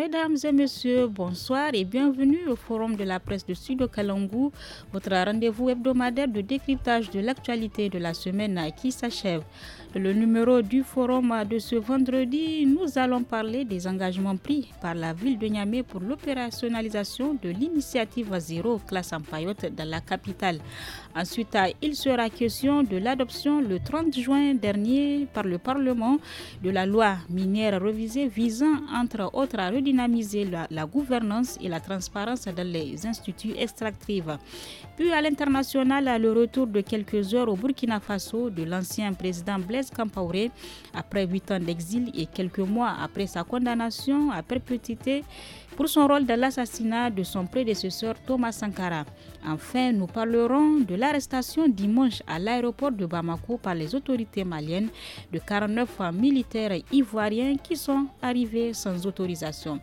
Mesdames et messieurs, bonsoir et bienvenue au Forum de la presse de Sud votre rendez-vous hebdomadaire de décryptage de l'actualité de la semaine qui s'achève le numéro du forum de ce vendredi, nous allons parler des engagements pris par la ville de Niamey pour l'opérationnalisation de l'initiative zéro classe en paillote dans la capitale. Ensuite, il sera question de l'adoption le 30 juin dernier par le Parlement de la loi minière revisée visant entre autres à redynamiser la, gouvernance et la transparence dans les instituts extractifs. Puis à l'international, le retour de quelques heures au Burkina Faso de l'ancien président Blaise Campauré après huit ans d'exil et quelques mois après sa condamnation à perpétuité pour son rôle dans l'assassinat de son prédécesseur Thomas Sankara. Enfin, nous parlerons de l'arrestation dimanche à l'aéroport de Bamako par les autorités maliennes de 49 militaires ivoiriens qui sont arrivés sans autorisation.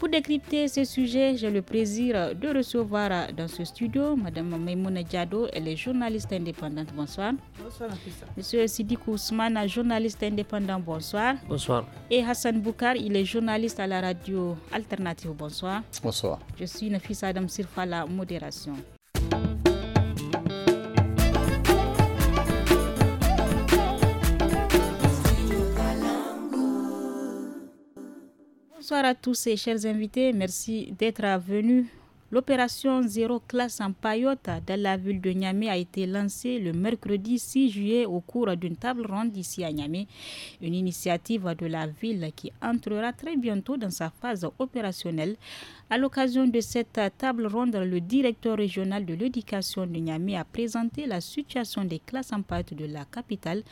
Pour décrypter ce sujet, j'ai le plaisir de recevoir dans ce studio Mme Maimouna Diado, elle est journaliste indépendante. Bonsoir. Bonsoir, Monsieur Sidi Ousmane, journaliste indépendant. Bonsoir. Bonsoir. Et Hassan Boukar, il est journaliste à la radio Alternative. Bonsoir. Bonsoir. Je suis Nafisa Adam Sirfa, la modération. à tous ces chers invités. Merci d'être venus. L'opération Zéro Classe en Payotte dans la ville de Niamey a été lancée le mercredi 6 juillet au cours d'une table ronde ici à Niamey. Une initiative de la ville qui entrera très bientôt dans sa phase opérationnelle. À l'occasion de cette table ronde, le directeur régional de l'éducation de Niamey a présenté la situation des classes en paillote de la capitale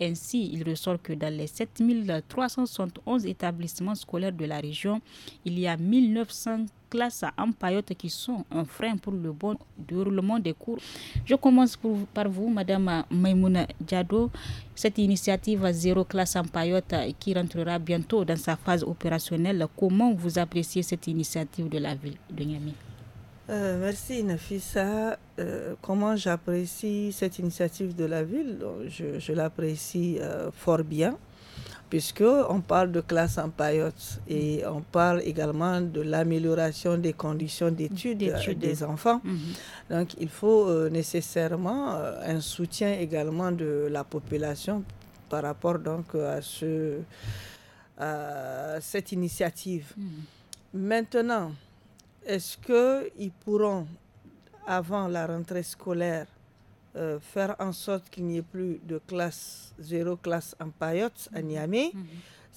ainsi, il ressort que dans les 7371 établissements scolaires de la région, il y a 1900 classes en paillotte qui sont un frein pour le bon déroulement des cours. Je commence par vous, Madame Maimouna Diado. Cette initiative Zéro classe en euh, qui rentrera bientôt dans sa phase opérationnelle, comment vous appréciez cette initiative de la ville de Niamey euh, Merci Nafisa. Euh, comment j'apprécie cette initiative de la ville. Euh, je, l'apprécie euh, fort bien, puisque on parle de classe en paillotes et on parle également de l'amélioration des conditions d'études des enfants. Mhm. Donc, il faut nécessairement un soutien également de la population par rapport donc à ce à cette initiative. Mhm. Maintenant, est-ce qu'ils pourront avant la rentrée scolaire, euh, faire en sorte qu'il n'y ait plus de classe zéro classe en payotte à mhm. Niamey. Mhm.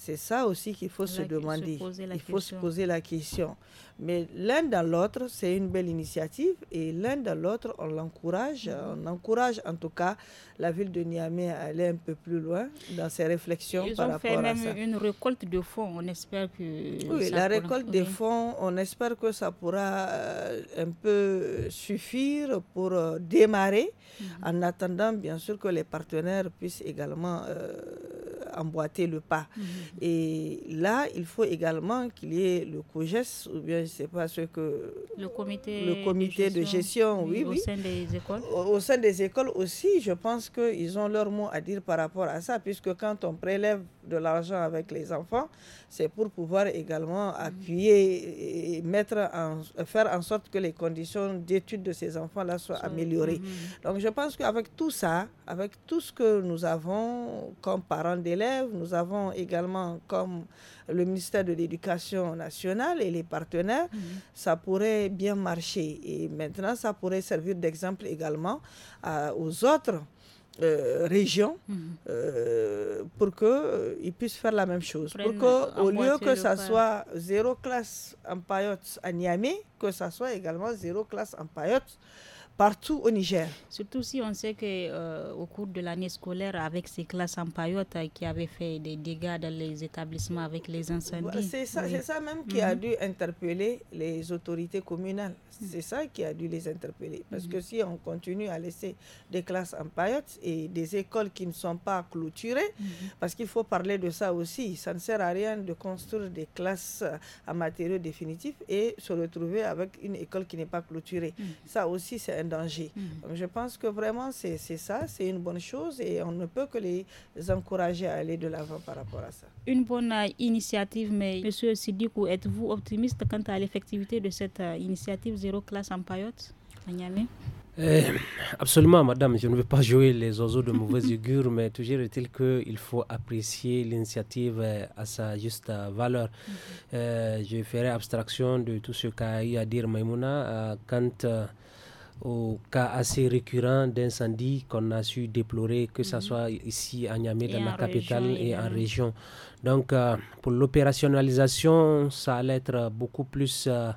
C'est ça aussi qu'il faut se demander. Il faut se poser la question. Mais l'un dans l'autre, c'est une belle initiative et l'un dans l'autre, on l'encourage. Mhm. On encourage en tout cas la ville de Niamey à aller un peu plus loin dans ses réflexions Ils ont fait même une récolte de fonds. On espère que. Oui, la récolte de fonds, on espère que ça pourra euh, un peu suffire pour euh, démarrer mhm. en attendant bien sûr que les partenaires puissent également. Euh, emboîter le pas. Mhm. Et là, il faut également qu'il y ait le COGES, ou bien je ne sais pas ce que... Le comité, le comité de gestion, oui, oui, Au sein des écoles. Au, au, sein des écoles aussi, je pense qu'ils ont leur mot à dire par rapport à ça, puisque quand on prélève de l'argent avec les enfants, c'est pour pouvoir également appuyer et mettre en, faire en sorte que les conditions d'études de ces enfants-là soient améliorées. Donc je pense qu'avec tout ça, avec tout ce que nous avons comme parents d'élèves, nous avons également comme le ministère de l'Éducation nationale et les partenaires, mhm. ça pourrait bien marcher. Et maintenant, ça pourrait servir d'exemple également euh, aux autres euh, région mhm. euh, pour qu'ils euh, puissent faire la même chose. pour que, au lieu que ça soit zéro classe en paillotes à Niamey, que ça soit également zéro classe en paillotes partout au Niger. Surtout si on sait que euh, au cours de l'année scolaire, avec ces classes en paillotte euh, qui avaient fait des dégâts dans les établissements avec les incendies. C'est ça, ça, même qui a mhm. dû interpeller les autorités communales. C'est ça qui a dû les interpeller. Parce mhm. que si on continue à laisser des classes en paillotte et des écoles qui ne sont pas clôturées, mhm. parce qu'il faut parler de ça aussi, ça ne sert à rien de construire des classes en matériaux définitifs et se retrouver avec une école qui n'est pas clôturée. Ça aussi, c'est un danger. Mhm. Je pense que vraiment, c'est ça, c'est une bonne chose et on ne peut que les encourager à aller de l'avant par rapport à ça. Une bonne euh, initiative, mais Monsieur Sidikou, êtes-vous optimiste quant à l'effectivité de cette euh, initiative Zéro Classe en Payotte, eh, absolument, madame. Je ne veux pas jouer les oiseaux de mauvaise augure, mais toujours est-il qu'il faut apprécier l'initiative euh, à sa juste valeur. Mhm. je ferai abstraction de tout ce qu'a eu à dire Maimouna quant au cas assez récurrent d'incendie qu'on a su déplorer, que ce mhm. soit ici à Niamey, dans la capitale et, en région. Donc, euh, pour l'opérationnalisation, ça allait être beaucoup plus euh,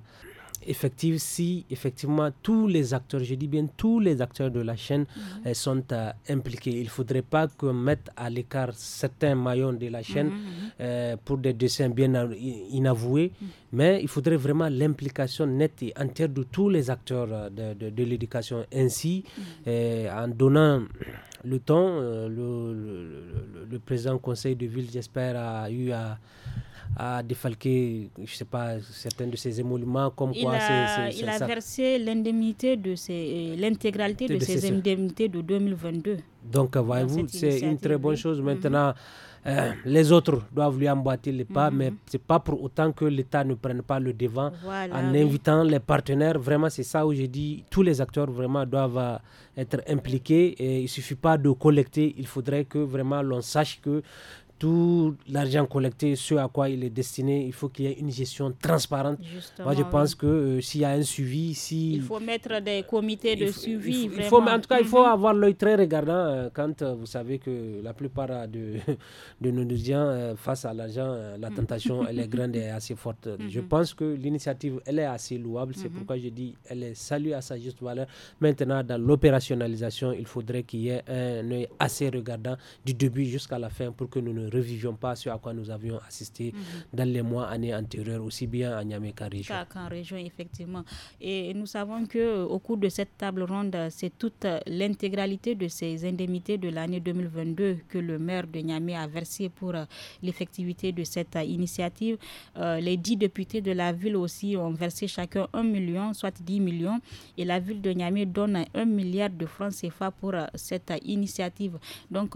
effective si effectivement tous les acteurs, je dis bien tous les acteurs de la chaîne mhm. euh, sont euh, impliqués. Il ne faudrait pas qu'on mette à l'écart certains maillons de la chaîne mhm, mhm. Euh, pour des dessins bien inavoués, mais il faudrait vraiment l'implication nette et entière de tous les acteurs de, l'éducation. Ainsi, en donnant le temps, le, le, le conseil de ville, j'espère, a eu à à défalquer, je sais pas, certains de ses émoluments, comme il quoi a, a versé l'indemnité de euh, l'intégralité de, ses indemnités de 2022. Donc, euh, voyez-vous, c'est une très bonne chose. Mhm. Maintenant, euh, les autres doivent lui emboîter les pas, mais mhm. ce mais c'est pas pour autant que l'État ne prenne pas le devant en invitant les partenaires. Vraiment, c'est ça où j'ai dit tous les acteurs vraiment doivent être impliqués. Et il suffit pas de collecter, il faudrait que vraiment l'on sache que tout l'argent collecté, ce à quoi il est destiné, il faut qu'il y ait une gestion transparente. Moi, je pense que euh, s'il y a un suivi, si... Il faut mettre des comités de suivi. Il faut, en tout cas, il faut mhm. avoir l'œil très regardant euh, quand euh, vous savez que la plupart de, de nos étudiants, face à l'argent, la tentation, elle est grande et assez forte. Mhm. Je pense que l'initiative, elle est assez louable. C'est mhm. pourquoi je dis, elle est salue à sa juste valeur. Maintenant, dans l'opérationnalisation, il faudrait qu'il y ait un œil assez regardant du début jusqu'à la fin pour que nous ne revivions pas ce à quoi nous avions assisté mhm. dans les mois, années antérieures, aussi bien à Niamey qu'en région. effectivement. Et nous savons que euh, au cours de cette table ronde, c'est toute euh, l'intégralité de ces indemnités de l'année 2022 que le maire de Niamey a versé pour euh, l'effectivité de cette initiative. les dix députés de la ville aussi ont versé chacun un million, soit 10 millions. Et la ville de Niamey donne un milliard de francs CFA pour cette initiative. Donc,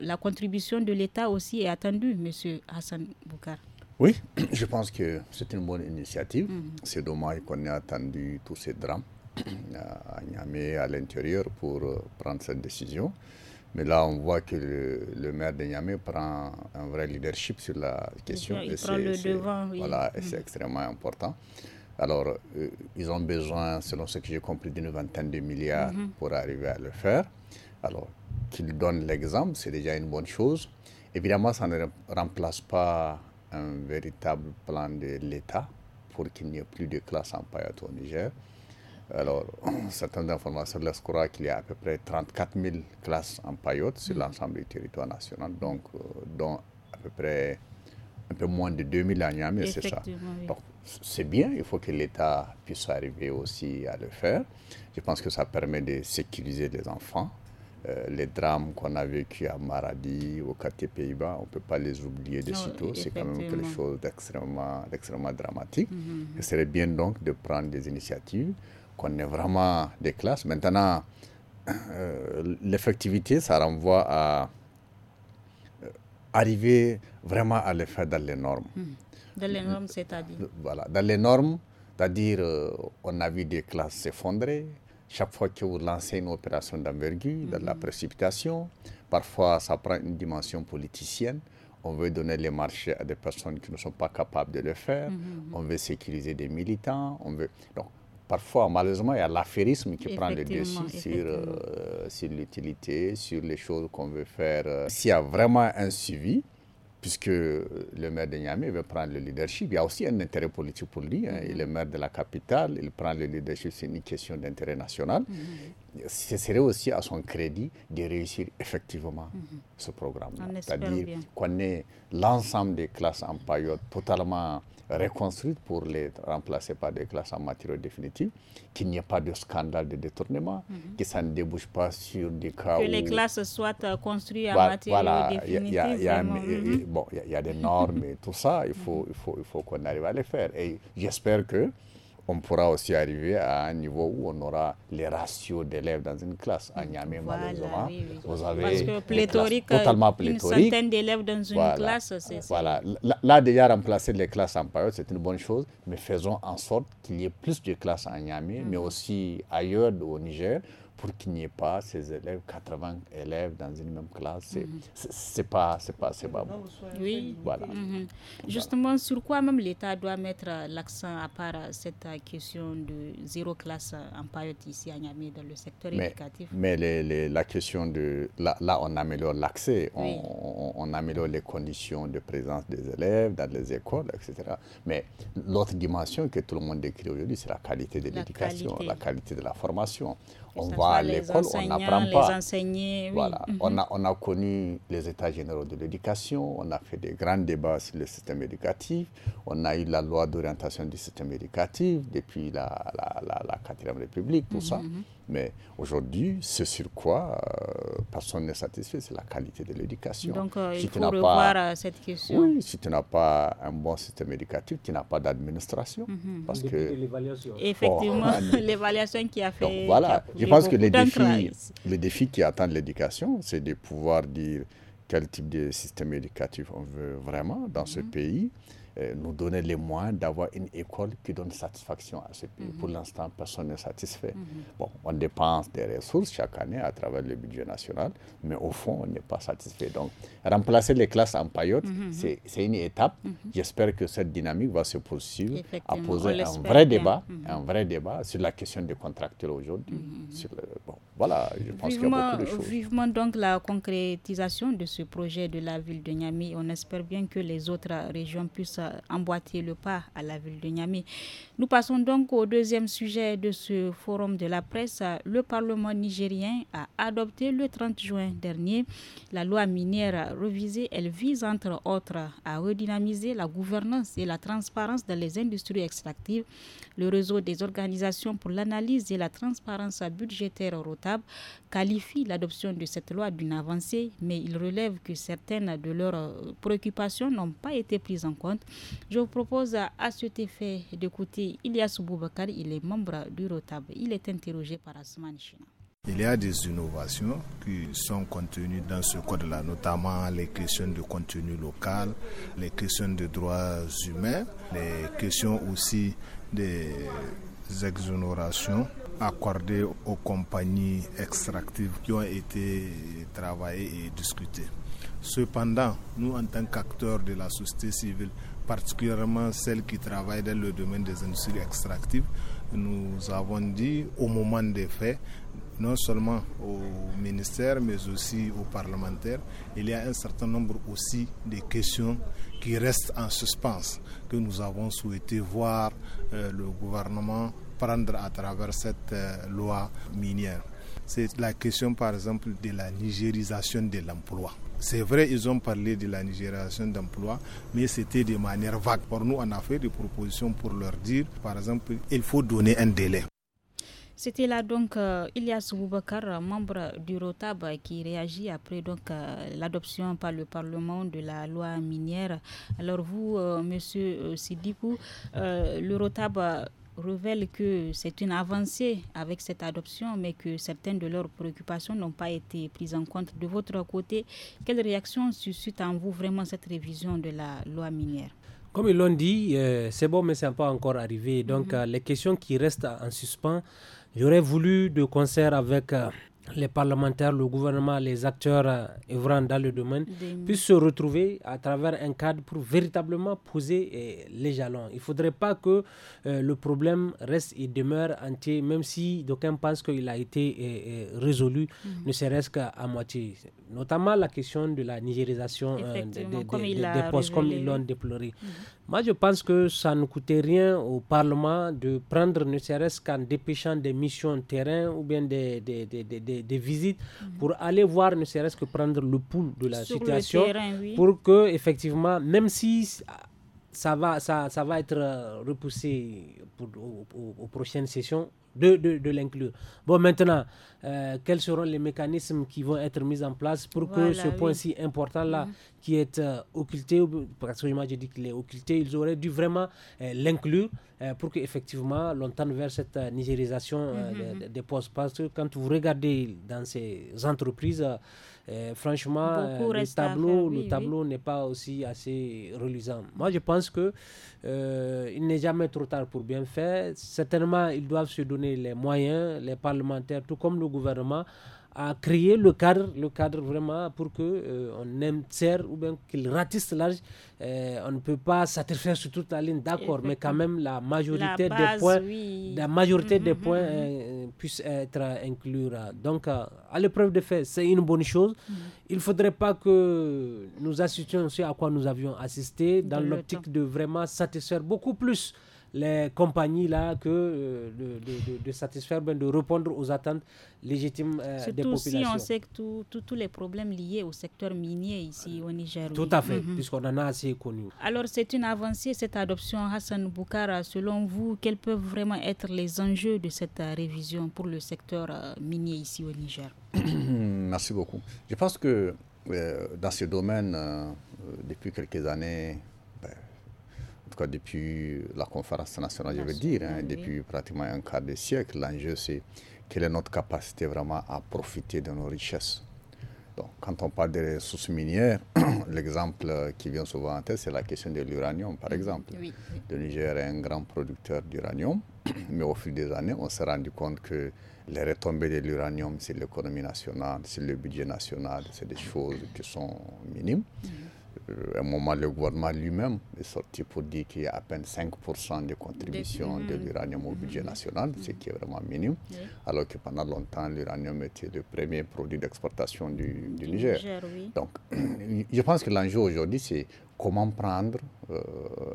la contribution de l'État aussi est attendu, Monsieur Hassan Boukar. Oui, je pense que c'est une bonne initiative. Mm-hmm. C'est dommage qu'on ait attendu tous ces drames à Niamey, à l'intérieur, pour euh, prendre cette décision. Mais là, on voit que le, maire de Niamey prend un vrai leadership sur la question. Il prend le devant, oui. Voilà, et c'est mm-hmm. extrêmement important. Alors, euh, ils ont besoin, selon ce que j'ai compris, d'une vingtaine de milliards mm-hmm. pour arriver à le faire. Alors, qu'ils donne l'exemple, c'est déjà une bonne chose. Évidemment, ça ne remplace pas un véritable plan de l'État pour qu'il n'y ait plus de classes en paillote au Niger. Alors, certaines informations laissent croire qu'il y a à peu près 34 000 classes en Payote sur mm. l'ensemble du territoire national, donc, euh, dont à peu près un peu moins de 2 000 à Niamey, c'est ça. Donc, c'est bien, il faut que l'État puisse arriver aussi à le faire. Je pense que ça permet de sécuriser les enfants, euh, les drames qu'on a vécu à Maradi, au quartier Pays-Bas, on ne peut pas les oublier de sitôt. C'est quand même quelque chose d'extrêmement, dramatique. Il mm-hmm, mm-hmm. serait bien donc de prendre des initiatives, qu'on ait vraiment des classes. Maintenant, euh, l'effectivité, ça renvoie à euh, arriver vraiment à le faire dans les normes. Mm. Dans les normes, c'est-à-dire Voilà, dans les normes, c'est-à-dire on a vu des classes s'effondrer chaque fois que vous lancez une opération d'envergure, de la précipitation, parfois ça prend une dimension politicienne. On veut donner les marchés à des personnes qui ne sont pas capables de le faire. Mm-hmm, mm-hmm. On veut sécuriser des militants. On veut... Donc, parfois, malheureusement, il y a l'affairisme qui prend le dessus sur, euh, sur l'utilité, sur les choses qu'on veut faire. Euh, s'il y a vraiment un suivi, puisque le maire de Niamey veut prendre le leadership. Il y a aussi un intérêt politique pour lui. Hein. Il est maire de la capitale, il prend le leadership, c'est une question d'intérêt national. Mm-hmm. Ce serait aussi à son crédit de réussir effectivement mm-hmm. ce programme. C'est-à-dire qu'on ait l'ensemble des classes en période totalement reconstruites pour les remplacer par des classes en matériaux définitifs, qu'il n'y ait pas de scandale de détournement, mhm. que ça ne débouche pas sur des cas que les classes soient euh, construites en matériaux définitifs. Il y, a des normes et tout ça, il faut, mhm. il faut, il faut qu'on arrive à les faire. Et j'espère que on pourra aussi arriver à un niveau où on aura les ratios d'élèves dans une classe. À Niamey, malheureusement, vous avez Parce que pléthorique, totalement pléthorique. une centaine d'élèves dans une classe, c'est Voilà. Là, déjà, remplacer les classes en période, c'est une bonne chose, mais faisons en sorte qu'il y ait plus de classes à Niamey, mm. mais aussi ailleurs au Niger, pour qu'il n'y ait pas ces élèves, 80 élèves dans une même classe, c'est mhm. pas, c'est pas, c'est pas bon. Oui. Euh, mhm. Voilà. Justement, sur quoi même l'État doit mettre euh, l'accent à part euh, cette question de zéro classe en période ici à Niamey dans le secteur éducatif Mais la question de... Là, on améliore l'accès, on, on, améliore les conditions de présence des élèves dans les écoles, etc. Mais l'autre dimension que tout le monde décrit aujourd'hui, c'est la qualité de l'éducation, la qualité de la formation on va à l'école, on n'apprend pas. Enseigner, Voilà, mhm. on, a, connu les états généraux de l'éducation, on a fait des grands débats sur le système éducatif, on a eu la loi d'orientation du système éducatif depuis la, la, la, 4 République, tout mhm, ça. Mhm. Mais aujourd'hui, ce sur quoi euh, personne n'est satisfait, c'est la qualité de l'éducation. Donc, euh, si il faut revoir euh, cette question. Oui, si tu n'as pas un bon système éducatif, tu n'as pas d'administration. Mhm. Parce que... Effectivement, l'évaluation qui a fait... Donc voilà, je pense que les défis, les défis qui attendent l'éducation, c'est de pouvoir dire quel type de système éducatif on veut vraiment dans ce mhm. pays euh, nous donner les moyens d'avoir une école qui donne satisfaction à ce pays. Pour mhm. l'instant, personne n'est satisfait. Mhm. Bon, on dépense des ressources chaque année à travers le budget national, mais au fond, on n'est pas satisfait. Donc, remplacer les classes en paillotes, mhm. c'est une étape. J'espère que cette dynamique va se poursuivre à poser un vrai débat, un vrai débat sur la question des contracteurs aujourd'hui. voilà, je pense qu'il y a beaucoup de choses. Vivement donc la concrétisation de ce projet de la ville de Niamey. On espère bien que les autres régions puissent euh, emboîter le pas à la ville de Niamey. Nous passons donc au deuxième sujet de ce forum de la presse. Le Parlement nigérien a adopté le 30 juin dernier la loi minière revisée. Elle vise entre autres à redynamiser la gouvernance et la transparence dans les industries extractives le réseau des organisations pour l'analyse et la transparence budgétaire rotable qualifie l'adoption de cette loi d'une avancée, mais il relève que certaines de leurs euh, préoccupations n'ont pas été prises en compte. Je vous propose à cet effet d'écouter Ilias Boubacar, il est membre du ROTAB. Il est interrogé par Asman China. Il y a des innovations qui sont contenues dans ce code-là, notamment les questions de contenu local, les questions de droits humains, les questions aussi des exonérations accordées aux compagnies extractives qui ont été travaillées et discutées. Cependant, nous, en tant qu'acteurs de la société civile, particulièrement celles qui travaillent dans le domaine des industries extractives, nous avons dit au moment des faits, non seulement au ministère, mais aussi aux parlementaires, il y a un certain nombre aussi de questions qui reste en suspens, que nous avons souhaité voir euh, le gouvernement prendre à travers cette euh, loi minière. C'est la question par exemple de la nigérisation de l'emploi. C'est vrai, ils ont parlé de la nigérisation d'emploi, mais c'était de manière vague. Pour nous, on a fait des propositions pour leur dire, par exemple, il faut donner un délai. C'était là donc euh, Ilyas Boubacar, membre du ROTAB, qui réagit après donc euh, l'adoption par le Parlement de la loi minière. Alors vous, euh, Monsieur Sidikou, le ROTAB révèle que c'est une avancée avec cette adoption, mais que certaines de leurs préoccupations n'ont pas été prises en compte. De votre côté, quelle réaction suscite en vous vraiment cette révision de la loi minière comme ils l'ont dit, c'est bon, mais ça n'est pas encore arrivé. Donc, mhm. les questions qui restent en suspens, J'aurais voulu, de concert avec euh, les parlementaires, le gouvernement, les acteurs euh, œuvrant dans le domaine, puisse puissent se retrouver à travers un cadre pour véritablement poser euh, les jalons. Il ne faudrait pas que le problème reste et demeure entier, même si d'aucuns pensent qu'il a été résolu, mhm. ne serait-ce qu'à moitié notamment la question de la nigérisation euh, des, postes, comme ils l'ont déploré. Mhm. Moi, je pense que ça ne coûtait rien au Parlement de prendre, ne serait-ce qu'en dépêchant des missions terrain ou bien des, visites, mhm. pour aller voir, ne serait-ce que prendre le pouls de la situation, pour que, effectivement, même si ça va, ça, ça va être euh, repoussé aux prochaines sessions, de, de, l'inclure. Bon, maintenant, euh, quels seront les mécanismes qui vont être mis en place pour que ce point si important-là, qui est euh, occulté, parce que j'ai dit qu'il est occulté, ils auraient dû vraiment euh, l'inclure pour qu'effectivement l'on tende vers cette nigérisation mhm, mhm. des postes. Parce que quand vous regardez dans ces entreprises, euh, franchement, euh, le tableau, le tableau n'est pas aussi assez reluisant. Moi, je pense que euh, il n'est jamais trop tard pour bien faire. Certainement, ils doivent se donner les moyens, les parlementaires, tout comme le gouvernement, à créer le cadre, le cadre vraiment pour que euh, on aime serre ou bien qu'il ratisse large. Euh, on ne peut pas satisfaire sur toute la ligne, d'accord, mais quand même la majorité des points, la majorité des mm-hmm, points mm-hmm. Euh, puissent être inclus. Donc, à l'épreuve des faits, c'est une bonne chose. Mm-hmm. Il ne faudrait pas que nous assistions à quoi nous avions assisté dans l'optique de vraiment satisfaire beaucoup plus les compagnies là que euh, de, de, satisfaire, ben, de répondre aux attentes légitimes euh, des populations. si on sait que tous les problèmes liés au secteur minier ici au Niger. Tout à fait, mhm. puisqu'on en a assez connu. Alors c'est une avancée cette adoption Hassan Boukara. Selon vous, quels peuvent vraiment être les enjeux de cette euh, révision pour le secteur minier ici au Niger Merci beaucoup. Je pense que dans ce domaine, depuis quelques années, tout cas depuis la conférence nationale, je veux dire, hein, depuis pratiquement un quart de siècle, l'enjeu c'est quelle est notre capacité vraiment à profiter de nos richesses. Donc, quand on parle des ressources minières, l'exemple qui vient souvent en tête, c'est la question de l'uranium, par exemple. Le Niger est un grand producteur d'uranium, mais au fil des années, on s'est rendu compte que les retombées de l'uranium, c'est l'économie nationale, c'est le budget national, c'est des choses qui sont minimes. Euh, à un moment, le gouvernement lui-même est sorti pour dire qu'il y a à peine 5% de contribution de, l'uranium au budget mhm. national, ce qui est vraiment minime, alors que pendant longtemps, l'uranium était le premier produit d'exportation du, Niger. Donc, je pense que l'enjeu aujourd'hui, c'est comment prendre euh,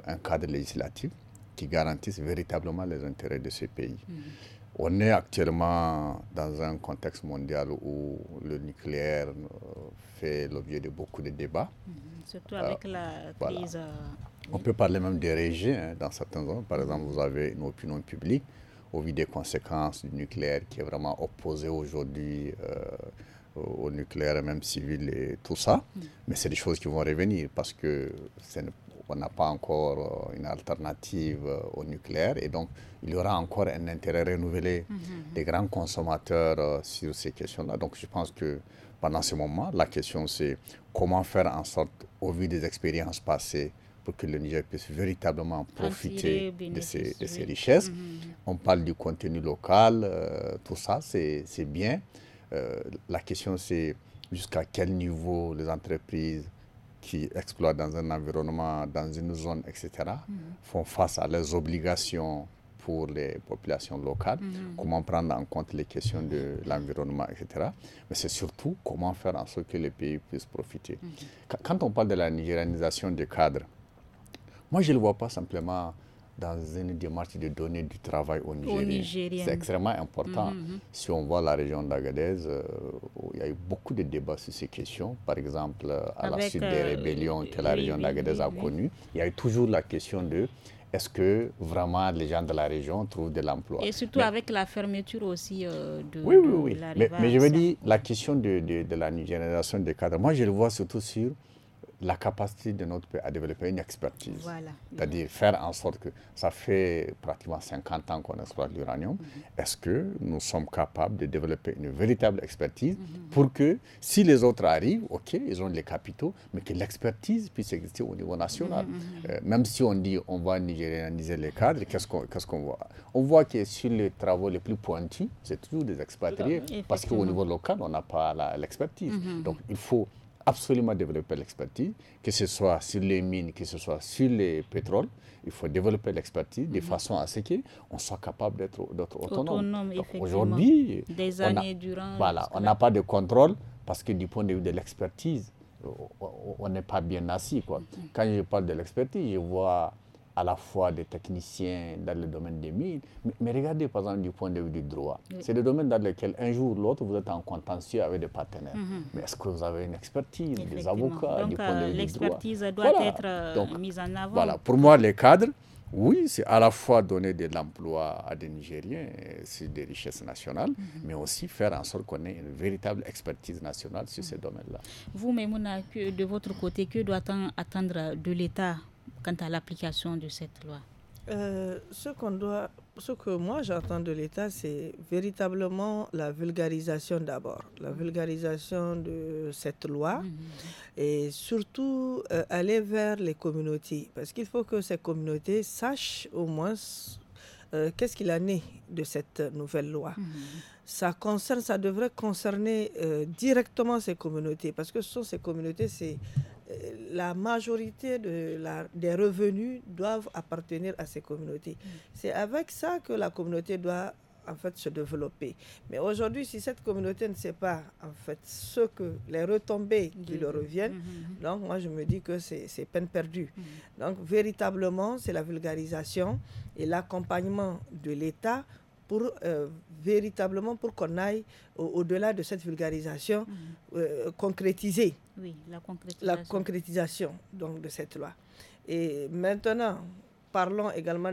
un cadre législatif qui garantisse véritablement les intérêts de ce pays. Mhm. On est actuellement dans un contexte mondial où le nucléaire euh, fait l'objet de beaucoup de débats. Mhm. Surtout euh, avec la crise. Euh, on peut parler même des régions hein, dans certains zones. Par exemple, vous avez une opinion publique au vu des conséquences du nucléaire qui est vraiment opposée aujourd'hui euh, au nucléaire, même civil et tout ça. Mm. Mais c'est des choses qui vont revenir parce que on n'a pas encore une alternative au nucléaire et donc il y aura encore un intérêt renouvelé mm-hmm, mm-hmm. des grands consommateurs sur ces questions-là. Donc je pense que pendant ce moment, la question c'est comment faire en sorte, au vu des expériences passées, pour que le Niger puisse véritablement profiter de, ces, richesses. Mhm. On parle du contenu local, euh, tout ça, c'est bien. Euh, la question, c'est jusqu'à quel niveau les entreprises qui exploitent dans un environnement, dans une zone, etc., mhm. font face à leurs obligations pour les populations locales, mhm. comment prendre en compte les questions de l'environnement, etc. Mais c'est surtout comment faire en sorte que les pays puissent profiter. Mhm. Quand on parle de la nigérianisation des cadres, moi je ne le vois pas simplement dans une démarche de donner du travail au Nigériens. C'est extrêmement important. Mhm, si on voit la région d'Agadez, euh, il y a eu beaucoup de débats sur ces questions. Par exemple, euh, à la suite des euh, rébellions que la région d'Agadez a connues, il y a eu toujours la question de est-ce que vraiment les gens de la région trouvent de l'emploi Et surtout avec la fermeture aussi euh, de, oui, oui, oui. mais, je veux dire, la question de, la génération des cadres, moi je le vois surtout sur la capacité de notre pays à développer une expertise. C'est-à-dire faire en sorte que ça fait pratiquement 50 ans qu'on exploite l'uranium. Mhm. Est-ce que nous sommes capables de développer une véritable expertise mhm. pour que si les autres arrivent, OK, ils ont les capitaux, mais que l'expertise puisse exister au niveau national. Mhm, euh, même si on dit on va nigérianiser les cadres, qu'est-ce qu'on voit On voit que sur les travaux les plus pointus, c'est toujours des expatriés parce qu'au niveau local, on n'a pas l'expertise. Donc il faut absolument développer l'expertise, que ce soit sur les mines, que ce soit sur les pétroles. Il faut développer l'expertise de mhm. façon à ce qu'on soit capable d'être autonome. autonome Aujourd'hui, des années on durant. Voilà, on n'a pas de contrôle parce que du point de vue de l'expertise, on n'est pas bien assis. Quoi. Mhm. Quand je parle de l'expertise, je vois à la fois des techniciens dans le domaine des mines, mais, regardez par exemple du point de vue du droit. C'est le domaine dans lequel un jour ou l'autre vous êtes en contentieux avec des partenaires. Mm-hmm. Mais est-ce que vous avez une expertise, des avocats, du point de euh, vue du droit L'expertise doit être euh, mise en avant. Voilà, pour moi, les cadres, oui, c'est à la fois donner de l'emploi à des Nigériens, c'est des richesses nationales, mm-hmm. mais aussi faire en sorte qu'on ait une véritable expertise nationale sur mm-hmm. ces domaines-là. Vous, Memouna, de votre côté, que doit-on attendre de l'État quant à l'application de cette loi euh, ce, qu'on doit, ce que moi j'entends de l'État, c'est véritablement la vulgarisation d'abord, la mm-hmm. vulgarisation de cette loi mm-hmm. et surtout euh, aller vers les communautés, parce qu'il faut que ces communautés sachent au moins euh, qu'est-ce qu'il en né de cette nouvelle loi. Mm-hmm ça concerne, ça devrait concerner euh, directement ces communautés, parce que ce sont ces communautés, c'est euh, la majorité de la, des revenus doivent appartenir à ces communautés. C'est avec ça que la communauté doit en fait se développer. Mais aujourd'hui, si cette communauté ne sait pas en fait ce que les retombées qui leur reviennent, mhm, mhm, mhm. donc moi je me dis que c'est peine perdue. Donc véritablement, c'est la vulgarisation et l'accompagnement de l'État pour euh, véritablement pour qu'on aille au-delà de cette vulgarisation, mhm. euh, euh, concrétiser. la concrétisation. La concrétisation donc, de cette loi. Et maintenant, parlons également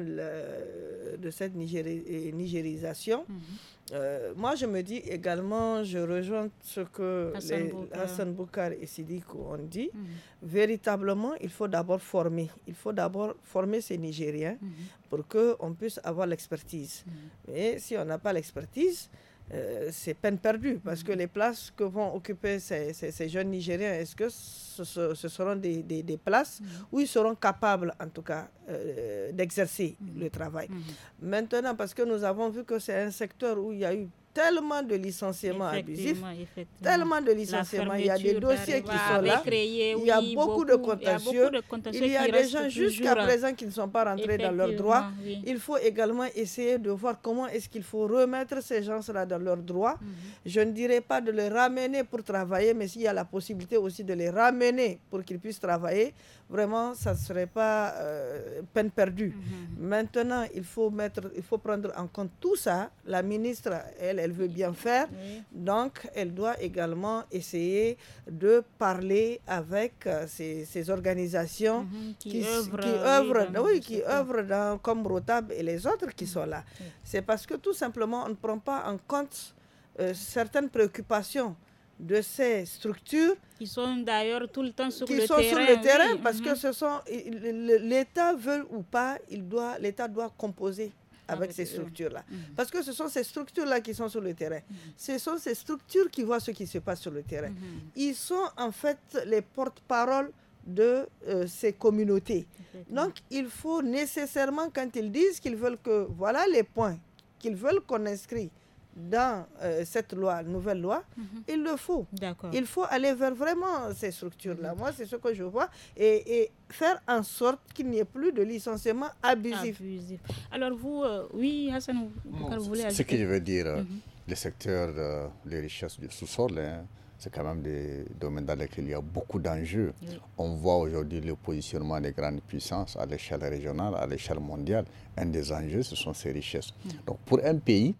de, cette nigérisation, mhm. euh, moi je me dis également, je rejoins ce que Hassan, Boukar. et Sidiko ont dit. Mhm. Véritablement, il faut d'abord former. Il faut d'abord former ces Nigériens mhm. pour qu'on puisse avoir l'expertise. Mais si on n'a pas l'expertise, euh, c'est peine perdue parce que mm. les places que vont occuper ces, ces, jeunes Nigériens, est-ce que ce, seront des, des, places mm. où ils seront capables, en tout cas, euh, d'exercer mm. le travail Maintenant, parce que nous avons vu que c'est un secteur où il y a eu tellement de licenciements abusifs, tellement de licenciements. Il y a des dossiers qui sont là. il y a beaucoup, de contentieux. Il y a, des gens jusqu'à présent qui ne sont pas rentrés dans leurs droits. Il faut également essayer de voir comment est-ce qu'il faut remettre ces gens-là dans leurs droits. Mhm. Je ne dirais pas de les ramener pour travailler, mais s'il y a la possibilité aussi de les ramener pour qu'ils puissent travailler, vraiment, ça ne serait pas euh, peine perdue. Mhm. Maintenant, il faut, mettre, il faut prendre en compte tout ça. La ministre, elle est elle veut bien faire. Donc, elle doit également essayer de parler avec euh, ces, organisations mhm, qui, qui œuvrent, qui oui, qui œuvrent dans, comme Rotab et les autres qui sont là. C'est parce que tout simplement, on ne prend pas en compte euh, certaines préoccupations de ces structures qui sont d'ailleurs tout le temps sur qui le sont terrain, sur le terrain parce que mhm. ce sont l'État veut ou pas, il doit l'État doit composer ah, avec ces structures-là. Mm-hmm. Parce que ce sont ces structures-là qui sont sur le terrain. Mm-hmm. Ce sont ces structures qui voient ce qui se passe sur le terrain. Mm-hmm. Ils sont en fait les porte-parole de euh, ces communautés. Donc il faut nécessairement, quand ils disent qu'ils veulent que, voilà les points qu'ils veulent qu'on inscrit dans euh, cette loi, nouvelle loi, mhm. il le faut. Il faut aller vers vraiment ces structures-là. Mhm. Moi, c'est ce que je vois. Et, faire en sorte qu'il n'y ait plus de licenciement abusif. Alors, vous, euh, oui, Hassan, vous, Ce que je veux dire, les secteurs, mhm. le secteur les euh, richesses du sous-sol, hein, c'est quand même des domaines dans lesquels il y a beaucoup d'enjeux. On voit aujourd'hui le positionnement des grandes puissances à l'échelle régionale, à l'échelle mondiale. Un des enjeux, ce sont ces richesses. Donc, pour un pays,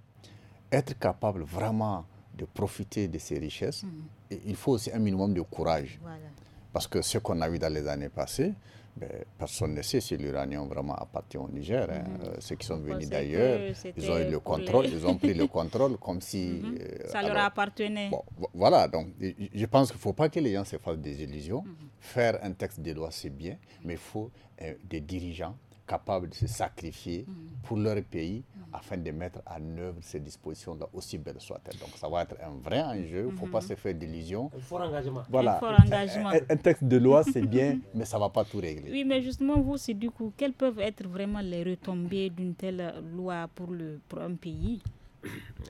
être capable vraiment de profiter de ces richesses, mm. il faut aussi un minimum de courage. Parce que ce qu'on a vu dans les années passées, ben, personne ne sait si l'uranium vraiment appartient au Niger. Hein. Mm-hmm. Euh, ceux qui sont venus d'ailleurs, ils ont eu le contrôle, ils ont pris le contrôle comme si... Mm-hmm. Euh, Ça leur appartenait. voilà, donc je pense qu'il ne faut pas que les gens se fassent des illusions. Mm-hmm. Faire un texte de loi, c'est bien, mais il faut euh, des dirigeants capables de se sacrifier mm. pour leur pays mm. afin de mettre en œuvre ces dispositions-là, aussi belles soient-elles. Donc ça va être un vrai enjeu, il ne faut pas mm-hmm. se faire d'illusions. Un fort engagement. Voilà, Un, texte de loi, c'est bien, mais ça ne va pas tout régler. Oui, mais justement, vous, c'est du coup, quelles peuvent être vraiment les retombées d'une telle loi pour, le, pour un pays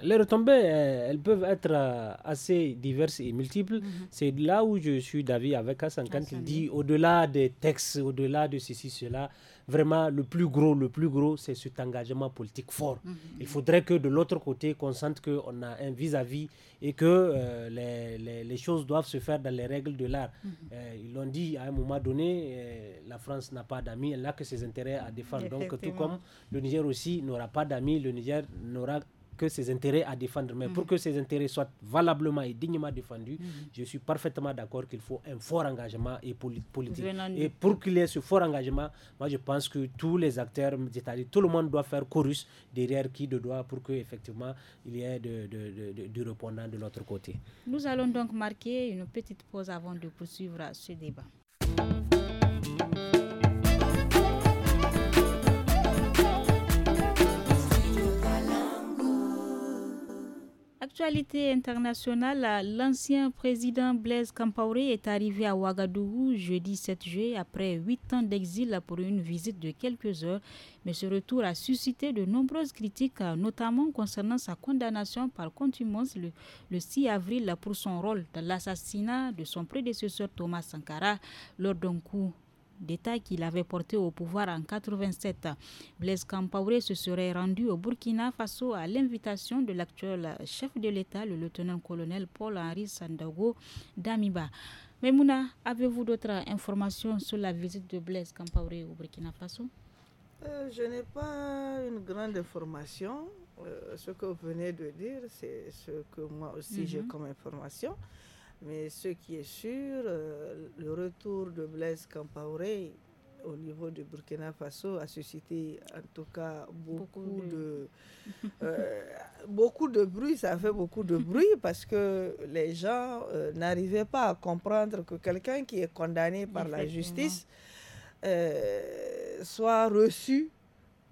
les retombées, euh, elles peuvent être euh, assez diverses et multiples. Mm-hmm. C'est là où je suis d'avis avec Hassan quand il dit au-delà des textes, au-delà de ceci, cela, vraiment le plus gros, le plus gros, c'est cet engagement politique fort. Mhm. Il faudrait que de l'autre côté, qu'on sente qu'on a un vis-à-vis et que euh, les, choses doivent se faire dans les règles de l'art. Mhm. Euh, ils l'ont dit à un moment donné, euh, la France n'a pas d'amis, elle n'a que ses intérêts à défendre. Donc tout comme le Niger aussi n'aura pas d'amis, le Niger n'aura que ses intérêts à défendre. Mais pour mm. que ces intérêts soient valablement et dignement défendus, mm. je suis parfaitement d'accord qu'il faut un fort engagement et politique. Et pour qu'il y ait ce fort engagement, moi je pense que tous les acteurs, tout le monde doit faire chorus derrière qui de doigt pour qu'effectivement il y ait de, de, de, de de l'autre côté. Nous allons donc marquer une petite pause avant de poursuivre ce débat. l'actualité internationale, l'ancien président Blaise Compaoré est arrivé à Ouagadougou jeudi 7 juillet après huit ans d'exil pour une visite de quelques heures. Mais ce retour a suscité de nombreuses critiques, notamment concernant sa condamnation par contumance le 6 avril pour son rôle dans l'assassinat de son prédécesseur Thomas Sankara lors d'un coup Détail qu'il avait porté au pouvoir en 87. Blaise Campaoré se serait rendu au Burkina Faso à l'invitation de l'actuel chef de l'État, le lieutenant-colonel Paul-Henri Sandago Damiba. Mais avez-vous d'autres informations sur la visite de Blaise Campaoré au Burkina Faso euh, Je n'ai pas une grande information. Euh, ce que vous venez de dire, c'est ce que moi aussi j'ai mhm. comme information. Mais ce qui est sûr, euh, le retour de Blaise Campaoré au niveau de Burkina Faso a suscité en tout cas beaucoup, de, euh, beaucoup de bruit. Ça a fait beaucoup de bruit parce que les gens euh, n'arrivaient pas à comprendre que quelqu'un qui est condamné par la justice soit reçu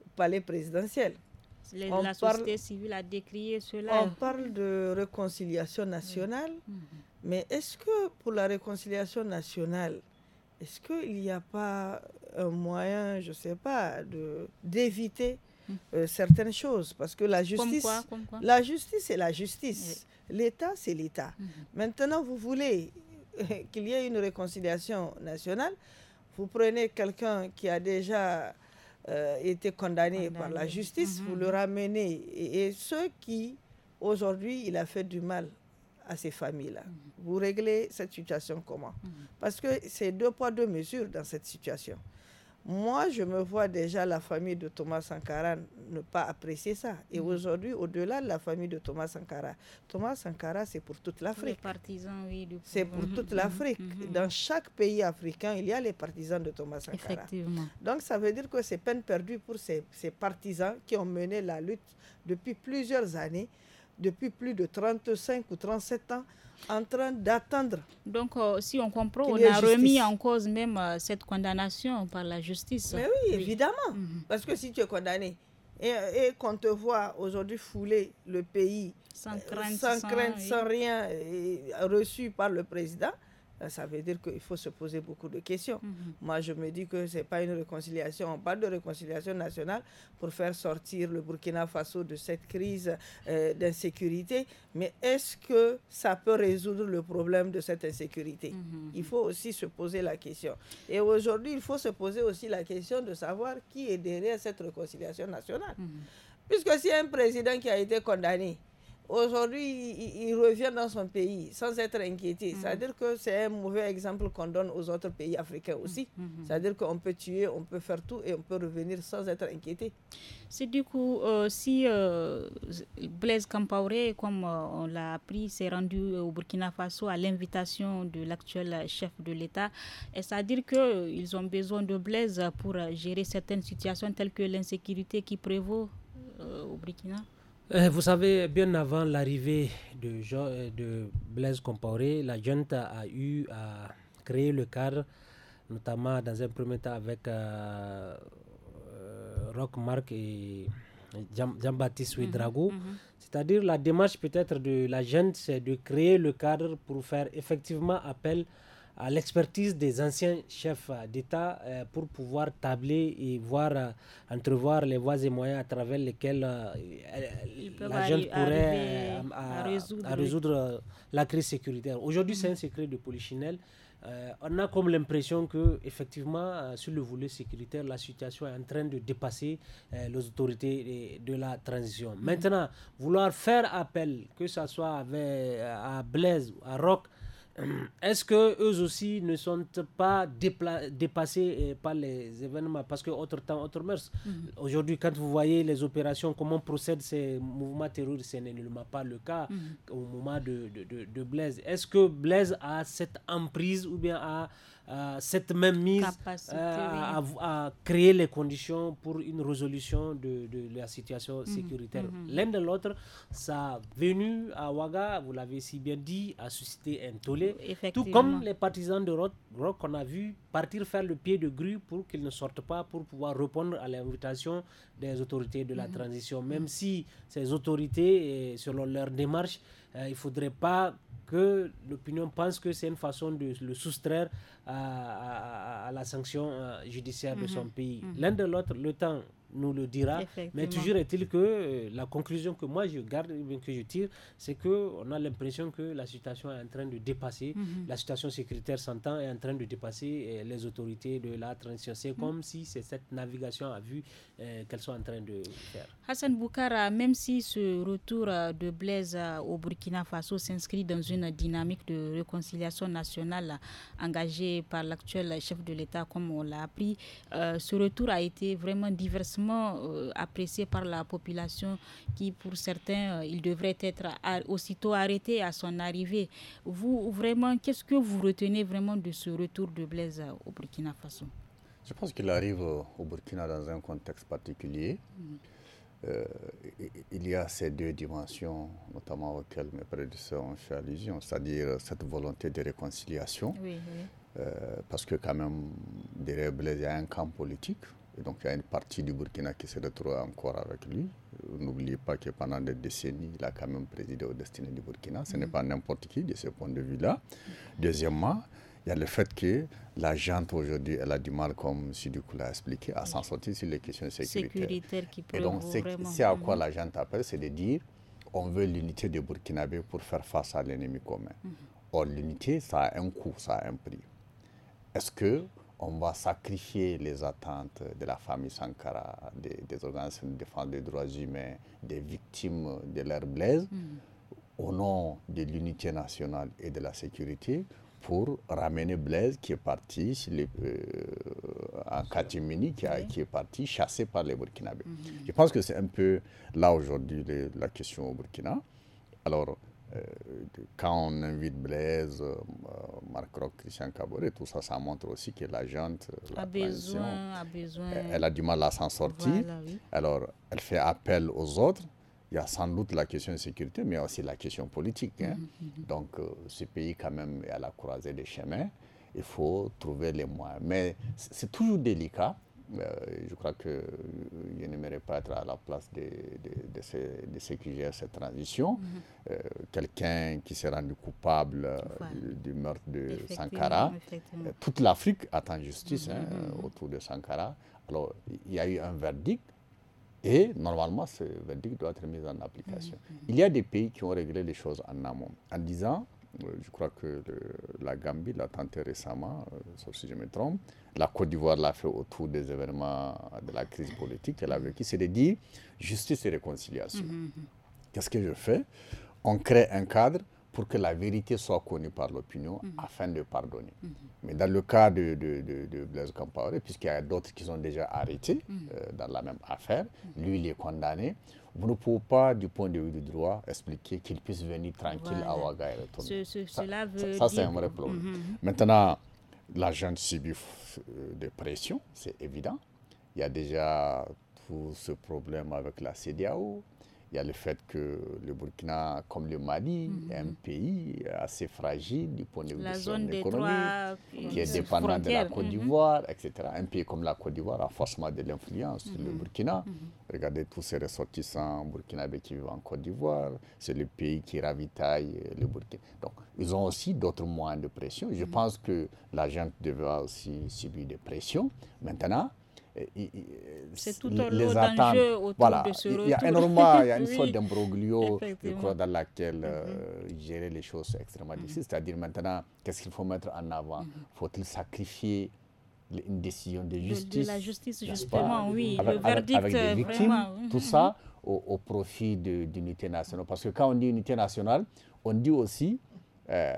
au palais présidentiel. la société civile a décrié cela. On parle de réconciliation nationale. Mais est-ce que pour la réconciliation nationale, est-ce qu'il n'y a pas un moyen, je ne sais pas, d'éviter hmm. euh, certaines choses Parce que la justice, la justice c'est la justice. L'État, c'est l'État. Hmm. Maintenant, vous voulez qu'il y ait une réconciliation nationale. Vous prenez quelqu'un qui a déjà euh, été condamné, par la justice, hmm, vous le ramenez. Et, et ceux qui, aujourd'hui, il a fait du mal à ces familles-là. Mhm. Vous réglez cette situation comment mhm. Parce que c'est deux poids, deux mesures dans cette situation. Moi, je me vois déjà la famille de Thomas Sankara ne pas apprécier ça. Et mhm. aujourd'hui, au-delà de la famille de Thomas Sankara, Thomas Sankara, c'est pour toute l'Afrique. partisans, oui. C'est pour hein. toute l'Afrique. Dans chaque pays africain, il y a les partisans de Thomas Sankara. Effectivement. Donc, ça veut dire que c'est peine perdue pour ces partisans qui ont mené la lutte depuis plusieurs années depuis plus de 35 ou 37 ans en train d'attendre. Donc, euh, si on comprend, on a remis en cause même euh, cette condamnation par la justice. Mais oui, évidemment. Mhm. Parce que si tu es condamné et, qu'on te voit aujourd'hui fouler le pays sans euh, crainte, sans, rien reçu par le président, euh, ça veut dire qu'il faut se poser beaucoup de questions. Mhm. Moi, je me dis que ce n'est pas une réconciliation. On parle de réconciliation nationale pour faire sortir le Burkina Faso de cette crise euh, d'insécurité, mais est-ce que ça peut résoudre le problème de cette insécurité mhm. Il faut aussi se poser la question. Et aujourd'hui, il faut se poser aussi la question de savoir qui est derrière cette réconciliation nationale. Mhm. Puisque si un président qui a été condamné, aujourd'hui, il, revient dans son pays sans être inquiété. Mm. C'est-à-dire que c'est un mauvais exemple qu'on donne aux autres pays africains mm. aussi. Mm-hmm. C'est-à-dire qu'on peut tuer, on peut faire tout et on peut revenir sans être inquiété. C'est du coup, euh, si euh, Blaise Campaoré, comme euh, on l'a appris, s'est rendu au Burkina Faso à l'invitation de l'actuel chef de l'État, est-ce à dire qu'ils ont besoin de Blaise pour gérer certaines situations telles que l'insécurité qui prévaut au Burkina euh, vous savez, bien avant l'arrivée de, euh, de Blaise Compaoré, la gente a eu à créer le cadre, notamment dans un premier temps avec euh, euh Rock Mark et Jean-Baptiste Jean mhm, mhm. C'est-à-dire la démarche peut-être de la junte, c'est de créer le cadre pour faire effectivement appel à à l'expertise des anciens chefs euh, d'État euh, pour pouvoir tabler et voir, euh, entrevoir les voies et moyens à travers lesquels la jeune pourrait à, résoudre, la crise sécuritaire. Aujourd'hui, c'est un secret de polichinelle. on a comme l'impression que effectivement sur le volet sécuritaire la situation est en train de dépasser les autorités de, la transition. Mm. Maintenant, vouloir faire appel, que ce soit avec, à Blaise, ou à Roc, est-ce que eux aussi ne sont pas dépassés euh, par les événements Parce que autre temps, autre mœurs. Mm-hmm. Aujourd'hui, quand vous voyez les opérations, comment procèdent ces mouvements terroristes, ce n'est nullement pas le cas mm-hmm. au moment de, de, de, Blaise. Est-ce que Blaise a cette emprise ou bien a, cette même mise euh, à, créer les conditions pour une résolution de, la situation mm-hmm. sécuritaire L'un de l'autre, ça a venu à Ouaga, vous l'avez si bien dit, à suscité un tollé tout comme les partisans de rock, on qu'on a vu partir faire le pied de grue pour qu'ils ne sortent pas, pour pouvoir répondre à l'invitation des autorités de la mhm. transition. Même si ces autorités, selon leur démarche, euh, il ne faudrait pas que l'opinion pense que c'est une façon de le soustraire à, la sanction euh, judiciaire de mhm. son pays. Mhm. L'un de l'autre, le temps nous le dira. Mais toujours est-il que euh, la conclusion que moi je garde, que je tire, c'est qu'on a l'impression que la situation est en train de dépasser, mhm. la situation sécuritaire s'entend est en train de dépasser les autorités de la transition. C'est mhm. comme si c'est cette navigation à vue euh, qu'elles sont en train de faire. Hassan Boukara, même si ce retour euh, de Blaise au Burkina Faso s'inscrit dans une dynamique de réconciliation nationale engagée par l'actuel chef de l'État, comme on l'a appris, ce retour a été vraiment diversement euh, apprécié par la population qui, pour certains, euh, il devrait être aussitôt arrêté à son arrivée. Vous, vraiment, qu'est-ce que vous retenez vraiment de ce retour de Blaise au Burkina Faso Je pense qu'il arrive euh, au Burkina dans un contexte particulier. il y a ces deux dimensions, notamment auxquelles mes prédécesseurs ont fait allusion, c'est-à-dire cette volonté de réconciliation. parce que quand même, derrière Blaise, il y a un camp politique et donc il y a une partie du Burkina qui se retrouve encore avec lui. N'oubliez pas que pendant des décennies, il a quand même présidé au destiné du Burkina. Ce n'est mm-hmm. pas n'importe qui de ce point de vue-là. Deuxièmement, il y a le fait que la gente aujourd'hui, elle a du mal, comme Sidukou l'a expliqué, à s'en sortir sur les questions sécuritaires. Et donc, c'est à quoi mm-hmm. la gente appelle, c'est de dire on veut l'unité des Burkinabés pour faire face à l'ennemi commun. Mm-hmm. Or, l'unité, ça a un coût, ça a un prix. Est-ce que on va sacrifier les attentes de la famille Sankara, des, des organismes de défense des droits humains, des victimes de l'ère blaise, hmm. au nom de l'unité nationale et de la sécurité, pour ramener Blaise qui est parti en euh, Katimini, qui, est parti chassé par les Burkinabés. Hmm. Je pense que c'est un peu là aujourd'hui la question au Burkina. Alors, euh, quand on invite Blaise, euh, euh, Marc Roc, Christian Caboret, tout ça, ça montre aussi que la gente la a, besoin, Elle a du mal à s'en sortir. Alors, elle fait appel aux autres. Il y a sans doute la question de sécurité, mais aussi la question politique. Hein. Mhm, mhm, mhm. Donc, ce pays, quand même, elle a la croisée des chemins. Il faut trouver les moyens. Mais c'est toujours délicat. Euh, je crois que euh, je ne pas être à la place de, ceux, qui gèrent cette transition. Mhm. Euh, quelqu'un qui s'est rendu coupable du, meurtre de Sankara. Toute l'Afrique attend justice mhm, hein, mhm, autour de Sankara. Alors, il y a eu un verdict et normalement, ce verdict doit être mis en application. Il y a des pays qui ont réglé les choses en amont en disant euh, je crois que la Gambie l'a tenté récemment, euh, sauf si je me trompe. La Côte d'Ivoire l'a fait autour des événements de la crise politique qu'elle a mhm. vécu. C'est de dire justice et réconciliation. Mhm, mhm. Qu'est-ce que je fais On crée un cadre pour que la vérité soit connue par l'opinion afin de pardonner. Mais dans le cas de, de, Blaise Compaoré, puisqu'il y a d'autres qui sont déjà arrêtés euh, dans la même affaire, lui, il est condamné. Vous ne pouvez pas, du point de vue du droit, expliquer qu'il puisse venir tranquille à Ouaga et ça, cela veut ça, c'est un vrai mhm, mhm. Maintenant, la jeune subit euh, des pressions, c'est évident. Il y a déjà tout ce problème avec la CDAO, il y a le fait que le Burkina, comme le Mali, mhm. est un pays assez fragile du point de vue de son économie, qui est dépendant de la mhm. Côte d'Ivoire, etc. Un pays comme la Côte d'Ivoire a forcément de l'influence sur le mhm. Burkina. Regardez tous ces ressortissants burkinabés qui vivent en Côte d'Ivoire. C'est le pays qui ravitaille le Burkina. Donc, ils ont aussi d'autres moyens de pression. Je pense que la gente devra aussi subir des pressions. Maintenant, euh, c'est tout les attentes. Autour de ce Il y a énormément, il y a une sorte d'imbroglio, dans laquelle euh, mhm. gérer les choses est extrêmement mhm. difficile. C'est-à-dire maintenant, qu'est-ce qu'il faut mettre en avant mhm. Faut-il sacrifier une décision de justice la justice, justement, oui. Avec, le verdict, des euh, victimes, tout ça au, au profit d'unité nationale. Parce que quand on dit unité nationale, on dit aussi euh,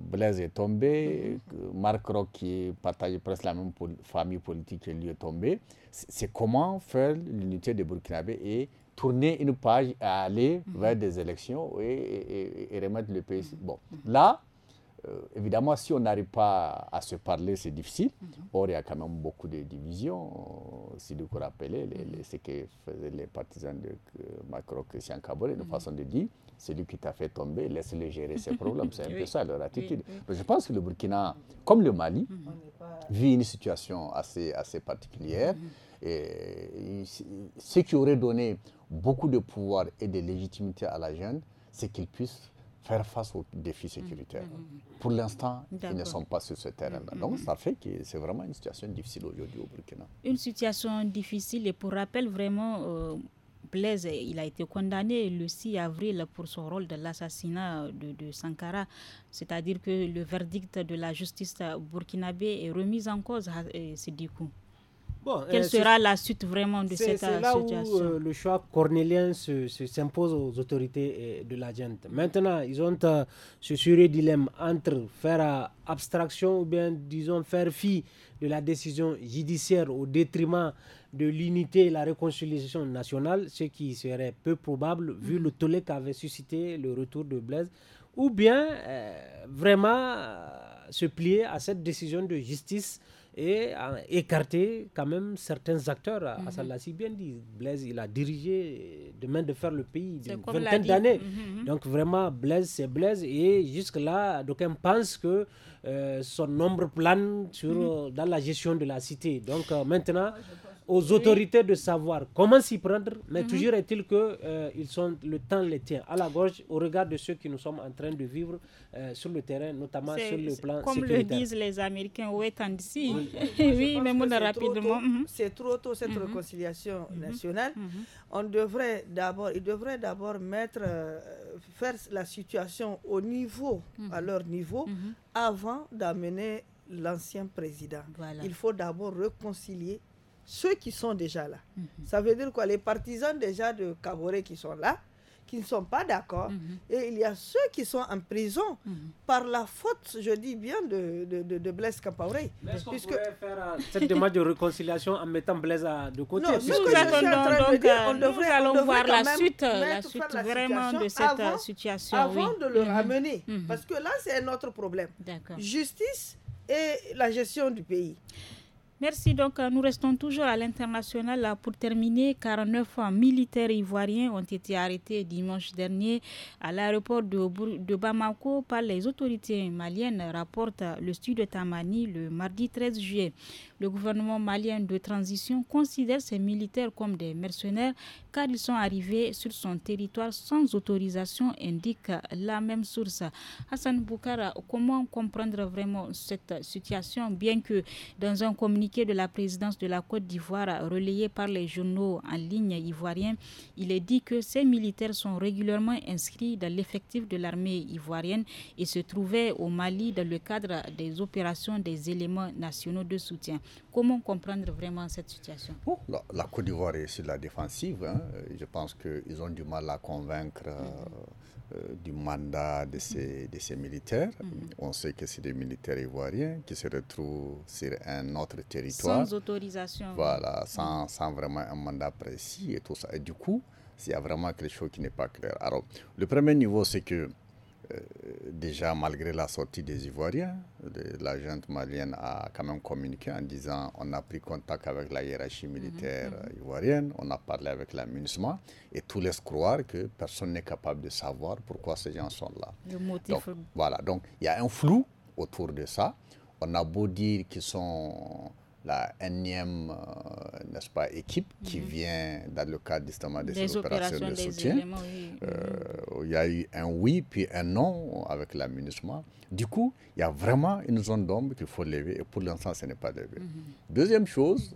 Blaise est tombé, Marc Rock qui partage presque la même famille politique que lui est tombé. C'est comment faire l'unité des Burkinabés et tourner une page à aller mhm. vers des élections et, remettre le pays. Bon, là, euh, évidemment, si on n'arrive pas à se parler, c'est difficile. Mhm. Or, il y a quand même beaucoup de divisions. Euh, si vous vous rappelez, ce que faisaient les partisans de euh, Macron, Christian Caboret, une mhm. façon de dire, c'est lui qui t'a fait tomber, laisse-le gérer ses problèmes. C'est un peu ça leur attitude. Je pense que le Burkina, comme le Mali, mm-hmm. vit une situation assez, assez particulière. Mm-hmm. Et ce qui aurait donné beaucoup de pouvoir et de légitimité à la jeune, c'est qu'ils puissent faire face aux défis mm-hmm. sécuritaires. Pour l'instant, ils ne sont pas sur ce terrain-là. Donc, ça fait que c'est vraiment une situation difficile aujourd'hui au Burkina. Une situation difficile, et pour rappel, vraiment. Euh, Blaise, il a été condamné le 6 avril pour son rôle de l'assassinat de, de, Sankara. C'est-à-dire que le verdict de la justice burkinabé est remis en cause, c'est euh, du quelle euh, sera la suite vraiment de cette situation euh, le choix cornélien s'impose se, aux autorités euh, de la gente. Maintenant, ils ont ce surré dilemme entre faire abstraction ou bien, disons, faire fi de la décision judiciaire au détriment de l'unité et la réconciliation nationale, ce qui serait peu probable vu le tollé qu'avait suscité le retour de Blaise, ou bien vraiment se plier à cette décision de justice et a euh, écarté quand même certains acteurs. à mhm. l'a si bien dit. Blaise, il a dirigé de main de faire le pays d'une vingtaine d'années. Mhm, mhm. Donc vraiment, Blaise, c'est Blaise. Et jusque-là, d'aucuns pense que euh, son nombre plane sur, euh, dans la gestion de la cité. Donc maintenant aux autorités de savoir comment s'y prendre, mais mhm. toujours est-il que euh, ils sont, le temps les tient à la gorge au regard de ceux qui nous sommes en train de vivre euh, sur le terrain, notamment sur le plan comme sécuritaire. Comme le disent les Américains, wait and see. Oui, mais on rapidement. Mhm. C'est trop tôt cette mhm. réconciliation nationale. On devrait d'abord, ils devraient d'abord mettre, euh, faire la situation au niveau, à leur niveau, avant d'amener l'ancien président. Il faut d'abord réconcilier ceux qui sont déjà là. Mhm. Ça veut dire quoi Les partisans déjà de Kabore qui sont là, qui ne sont pas d'accord. Mhm. Et il y a ceux qui sont en prison mhm. par la faute, je dis bien, de, de, de, de Blaise Compaoré. Est-ce puisque... qu'on pourrait faire euh, cette démarche de réconciliation en mettant Blaise euh, de côté non, nous, nous suis en train euh, on devrait, nous allons voir la suite, la suite vraiment de cette situation. Avant de le ramener, parce que là, c'est un autre problème. Justice et la gestion du pays. Merci. Donc, euh, nous restons toujours à l'international. Pour terminer, 49 militaires ivoiriens ont été arrêtés dimanche dernier à l'aéroport de, Bamako par les autorités maliennes, rapporte le studio Tamani le mardi 13 juillet. Le gouvernement malien de transition considère ces militaires comme des mercenaires car ils sont arrivés sur son territoire sans autorisation, indique la même source. Hassan Boukara, comment comprendre vraiment cette situation, bien que dans un communiqué de la présidence de la Côte d'Ivoire relayé par les journaux en ligne ivoiriens, il est dit que ces militaires sont régulièrement inscrits dans l'effectif de l'armée ivoirienne et se trouvaient au Mali dans le cadre des opérations des éléments nationaux de soutien. Comment comprendre vraiment cette situation oh, la, Côte d'Ivoire est sur la défensive. Hein. Je pense qu'ils ont du mal à convaincre euh, euh, du mandat de ces, militaires. Mm-hmm. On sait que c'est des militaires ivoiriens qui se retrouvent sur un autre territoire. Sans autorisation. Voilà, sans, sans vraiment un mandat précis et tout ça. Et du coup, il y a vraiment quelque chose qui n'est pas clair. Alors, le premier niveau, c'est que euh, déjà, malgré la sortie des Ivoiriens, la malienne a quand même communiqué en disant on a pris contact avec la hiérarchie militaire mhm. ivoirienne, on a parlé avec la et tout laisse croire que personne n'est capable de savoir pourquoi ces gens sont là. Le motif. voilà, donc il y a un flou autour de ça. On a beau dire qu'ils sont la énième, euh, n'est-ce pas, équipe qui mhm. vient dans le cadre justement des opérations, de soutien. Euh, il y a eu un oui puis un non avec l'aménagement. Du coup, il y a vraiment une zone d'ombre qu'il faut lever et pour l'instant, ce n'est pas levé. Mhm. Deuxième chose,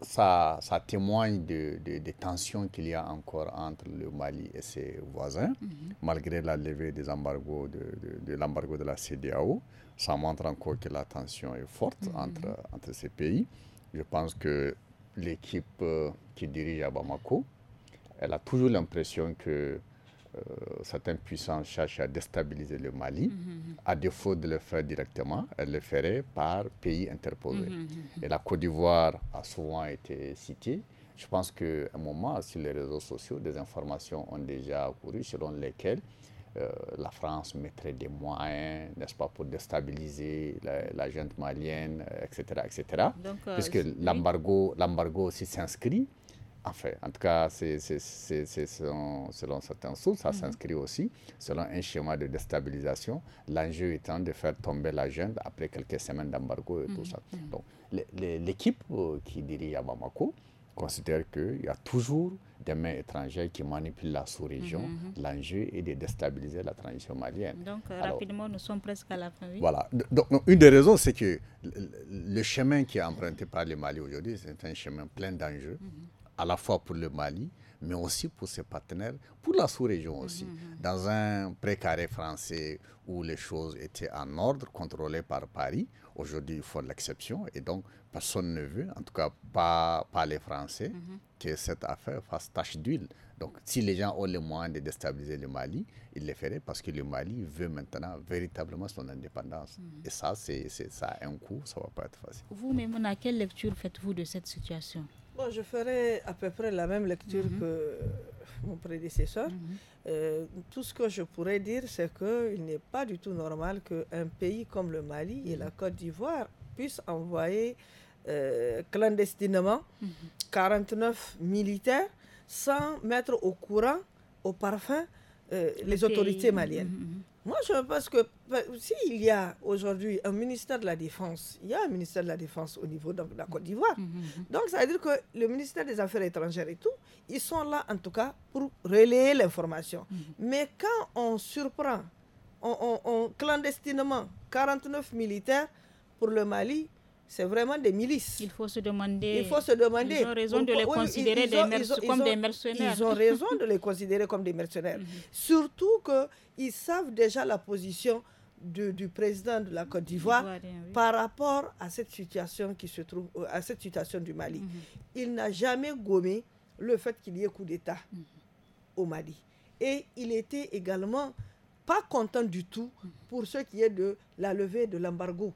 ça, ça témoigne de, des tensions qu'il y a encore entre le Mali et ses voisins, mhm. malgré la levée des de, de l'embargo de la CDAO ça montre encore que la tension est forte mhm. entre, entre ces pays. Je pense que l'équipe euh, qui dirige à Bamako, elle a toujours l'impression que euh, certaines puissances cherchent à déstabiliser le Mali. Mhm, à mhm. défaut de le faire directement, elle le ferait par pays interposés. Et la Côte d'Ivoire a souvent été citée. Je pense qu'à un moment, sur les réseaux sociaux, des informations ont déjà couru selon lesquelles euh, la France mettrait des moyens, n'est-ce pas, pour déstabiliser la, malienne, euh, etc. etc. Euh, Puisque l'embargo, l'embargo aussi s'inscrit. Enfin, en tout cas, selon, selon certaines sources, ça mhm. s'inscrit aussi selon un schéma de déstabilisation, l'enjeu étant de faire tomber la junte après quelques semaines d'embargo et tout mhm. ça. Mhm. Donc, l'équipe qui dirige à Bamako considère qu'il y a toujours des mains étrangères qui manipulent la sous-région. Mhm, mhm. L'enjeu est de déstabiliser la transition malienne. Donc, euh, rapidement, nous sommes presque à la fin. Voilà. Donc, une des raisons, c'est que le chemin qui est emprunté par le Mali aujourd'hui, c'est un chemin plein d'enjeux, mhm. à la fois pour le Mali, mais aussi pour ses partenaires, pour la sous-région aussi. Dans un précaré français où les choses étaient en ordre, contrôlées par Paris, Aujourd'hui, il faut l'exception et donc personne ne veut, en tout cas pas, les Français, mhm. que cette affaire fasse tache d'huile. Donc si les gens ont le moyens de déstabiliser le Mali, ils le feraient parce que le Mali veut maintenant véritablement son indépendance. Mhm. Et ça, c'est ça a un coût, ça ne va pas être facile. Vous, Mémona, quelle lecture faites-vous de cette situation je ferai à peu près la même lecture mhm. que mon prédécesseur. Mhm. Euh, tout ce que je pourrais dire, c'est qu'il n'est pas du tout normal qu'un pays comme le Mali et la mhm. Côte d'Ivoire puissent envoyer euh, clandestinement 49 militaires sans mettre au courant, au parfum, euh, les autorités maliennes. Moi, je pense que bah, s'il y a aujourd'hui un ministère de la Défense, il y a un ministère de la Défense au niveau de la Côte d'Ivoire. Mm, mm, mm. Donc, ça veut dire que le ministère des Affaires étrangères et tout, ils sont là, en tout cas, pour relayer l'information. Mais quand on surprend on, clandestinement 49 militaires pour le Mali, c'est vraiment des milices. Il faut se demander. Il faut se demander. Ils ont raison de les considérer des comme des mercenaires. Ils ont raison de les considérer comme des mercenaires. Mhm. Surtout qu'ils savent déjà la position du président de la Côte d'Ivoire par rapport à cette situation qui se trouve, euh, à cette situation du Mali. Mhm. Il n'a jamais gommé le fait qu'il y ait coup d'État mhm. au Mali. Et il était également pas content du tout pour ce qui est de la levée de l'embargo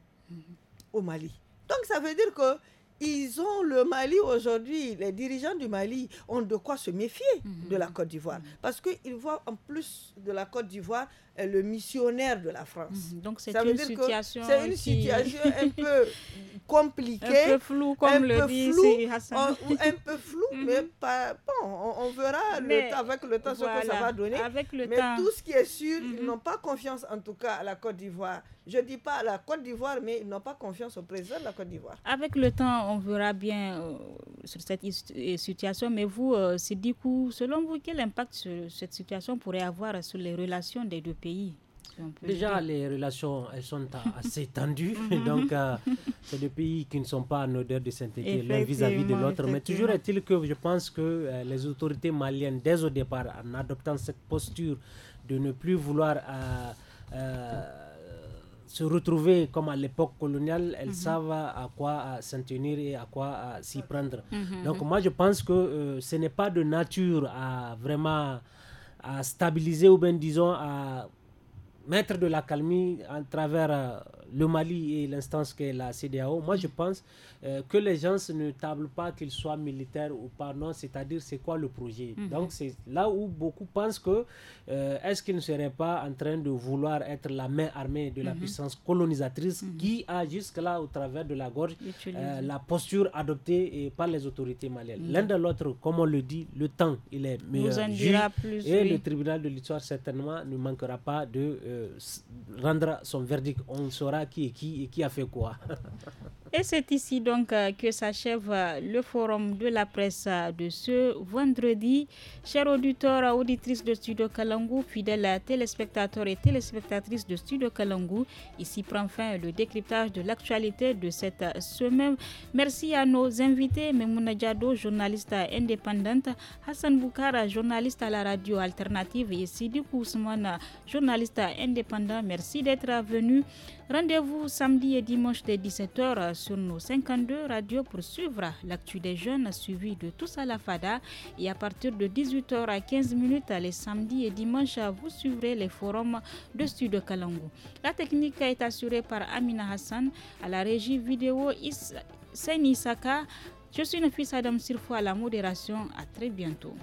au Mali. Donc ça veut dire que ils ont le Mali aujourd'hui, les dirigeants du Mali ont de quoi se méfier mhm. de la Côte d'Ivoire. Mhm. Parce qu'ils voient en plus de la Côte d'Ivoire euh, le missionnaire de la France. Mhm. Donc c'est situation. C'est une situation un peu compliqué. Un peu flou, comme le dit Hassan. un peu flou, mm-hmm. mais bon, on, verra avec le temps ce que ça va donner. mais tout ce qui est sûr, ils mm-hmm. n'ont pas confiance en tout cas à la Côte d'Ivoire. Je ne dis pas à la Côte d'Ivoire, mais ils n'ont pas confiance au président de la Côte d'Ivoire. Avec le temps, on verra bien euh, sur cette euh, situation. Mais vous, euh, du coup, selon vous, quel impact cette situation pourrait avoir sur les relations des deux pays Déjà, les relations, elles sont assez tendues. Mhm. donc, euh, c'est des pays qui ne sont pas en odeur de sainteté l'un vis-à-vis de l'autre. Mais toujours est-il que je pense que euh, les autorités maliennes, dès au départ, en adoptant cette posture de ne plus vouloir euh, se retrouver comme à l'époque coloniale, elles mhm. savent à quoi s'en tenir et à quoi s'y prendre. Mhm. Donc moi je pense que ce n'est pas de nature à vraiment à stabiliser ou bien disons à mettre de la calmie à travers euh, le Mali et l'instance qu'est la CDAO, moi je pense euh, que les gens ne tablent pas qu'ils soient militaires ou pas, non, c'est-à-dire c'est quoi le projet. Mhm. Donc c'est là où beaucoup pensent que euh, est-ce qu'ils ne seraient pas en train de vouloir être la main armée de la mhm. puissance colonisatrice mhm. qui a jusque-là au travers de la gorge la posture adoptée par les autorités maliennes. L'un de l'autre, comme on le dit, le temps, il est meilleur. et le tribunal de l'histoire certainement ne manquera pas de euh, rendra son verdict. On saura qui qui qui a fait quoi. et c'est ici donc euh, que s'achève euh, le forum de la presse de ce vendredi. Chers auditeurs, auditrices de Studio Kalangu, fidèles téléspectateurs et téléspectatrices de Studio Kalangu, ici prend fin le décryptage de l'actualité de cette semaine. Merci à nos invités, Memouna Diado, journaliste indépendante, Hassan Boukara, journaliste à la radio alternative et Sidi Kousmana, journaliste Indépendant, Merci d'être venu. Rendez-vous samedi et dimanche dès 17h sur nos 52 radios pour suivre l'actu des jeunes suivi de tous à la FADA. Et à partir de 18h à 15 minutes les samedis et dimanches, vous suivrez les forums de Studio Kalango. La technique est assurée par Amina Hassan à la régie vidéo Is Je suis fils Adam Sirfo à la modération. À très bientôt.